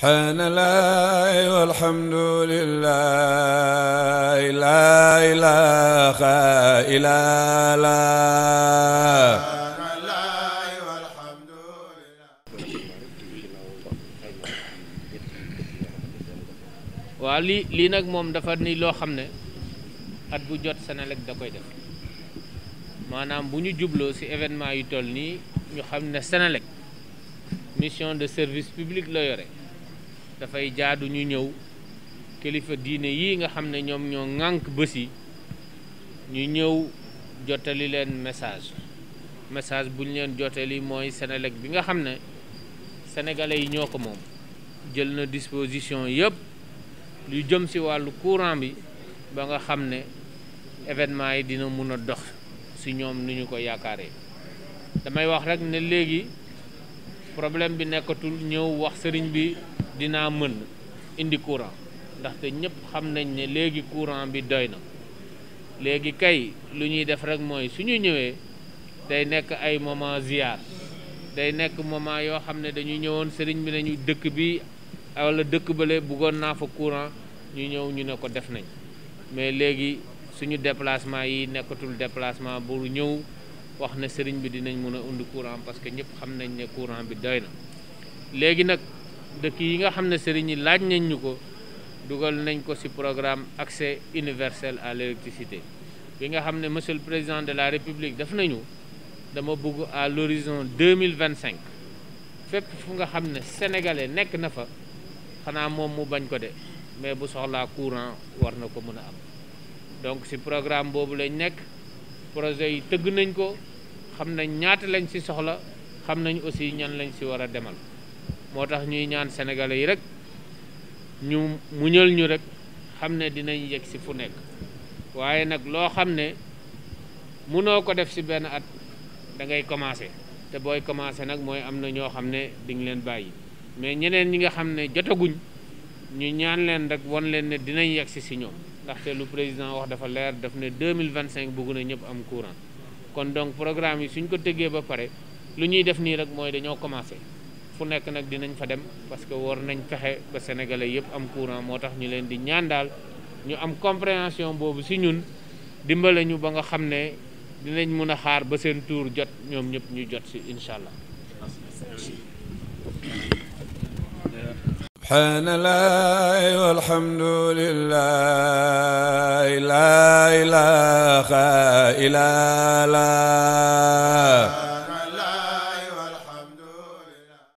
سبحان الله والحمد لله لا إله إلا الله waaw lii lii nag moom dafa ni loo xam ne at bu jot Senelec da koy def maanaam bu ñu jubloo ci événement yu toll nii ñu xam ne mission de service public la yore dafay jaadu ñu ñëw kilifa diine yi nga xam ne ñoom ñoo ŋànk bés yi ñu ñëw jottali leen message message bu ñu leen jottali mooy Senelec bi nga xam ne sénégalais yi ñoo ko moom jël na disposition yëpp lu jëm ci wàllu courant bi ba nga xam ne événement yi dina mun a dox ci ñoom ni ñu ko yaakaaree damay wax rekk ne léegi problème bi nekkatul ñëw wax sëriñ bi dinaa mën indi courant ndaxte ñëpp xam nañ ne léegi courant bi doy na léegi kay lu ñuy def rek mooy su ñu ñëwee day nekk ay moment ziar day nekk moment yoo xam ne dañu ñëwoon sëriñ bi nañu dëkk bi wala dëkk bële bëggoon naa fa courant ñu ñëw ñu ne ko def nañ mais léegi suñu déplacement yi nekkatul déplacement bu ñëw wax ne sëriñ bi dinañ mën a undi courant parce que ñëpp xam nañ ne courant bi doy na léegi nag dëkk yi nga xam ne sëriñ yi laaj nañ ñu ko dugal nañ ko ci programme accès universel à l'électricité bi nga xam ne monsieur le président de la république def nañu dama bugg à l'horizon 2025 fépp fu nga xam ne sénégalais nekk na fa xanaa moom mu bañ ko de mais bu soxlaa courant war na ko mën a am donc ci programme boobu lañ nekk projet yi tëgg nañ ko xam nañ ñaata lañ ci soxla xam nañu aussi ñan lañ ci war a demal moo tax ñuy ñaan sénégalais yi rek ñu muñal ñu rek xam ne dinañ yegg si fu nekk waaye nag loo xam ne mënoo ko def si benn at da ngay commencé te booy commencé nag mooy am na ñoo xam ne di nga leen bàyyi mais ñeneen ñi nga xam ne jotaguñ ñu ñaan leen rek wan leen ne dinañ yegg si si ñoom ndaxte lu président wax dafa leer daf ne 2025 bëgg na ñëpp am courant kon donc programme yi suñ ko tëggee ba pare lu ñuy def nii rek mooy dañoo commencé fu nekk nag dinañ fa dem parce que war nañ fexe ba sénégalais am courant moo ñu leen di ñaan ñu am compréhension boobu si ñun ñu ba nga dinañ xaar ba tour jot ñëpp ñu jot si incha سبحان الله والحمد لله لا الله